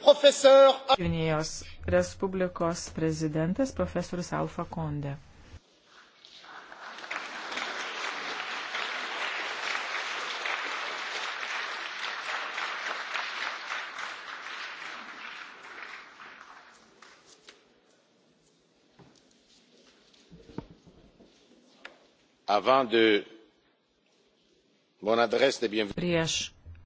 Professor... Junijos Respublikos prezidentas profesorius Alfa Konde. avant de mon adresse de bienvenue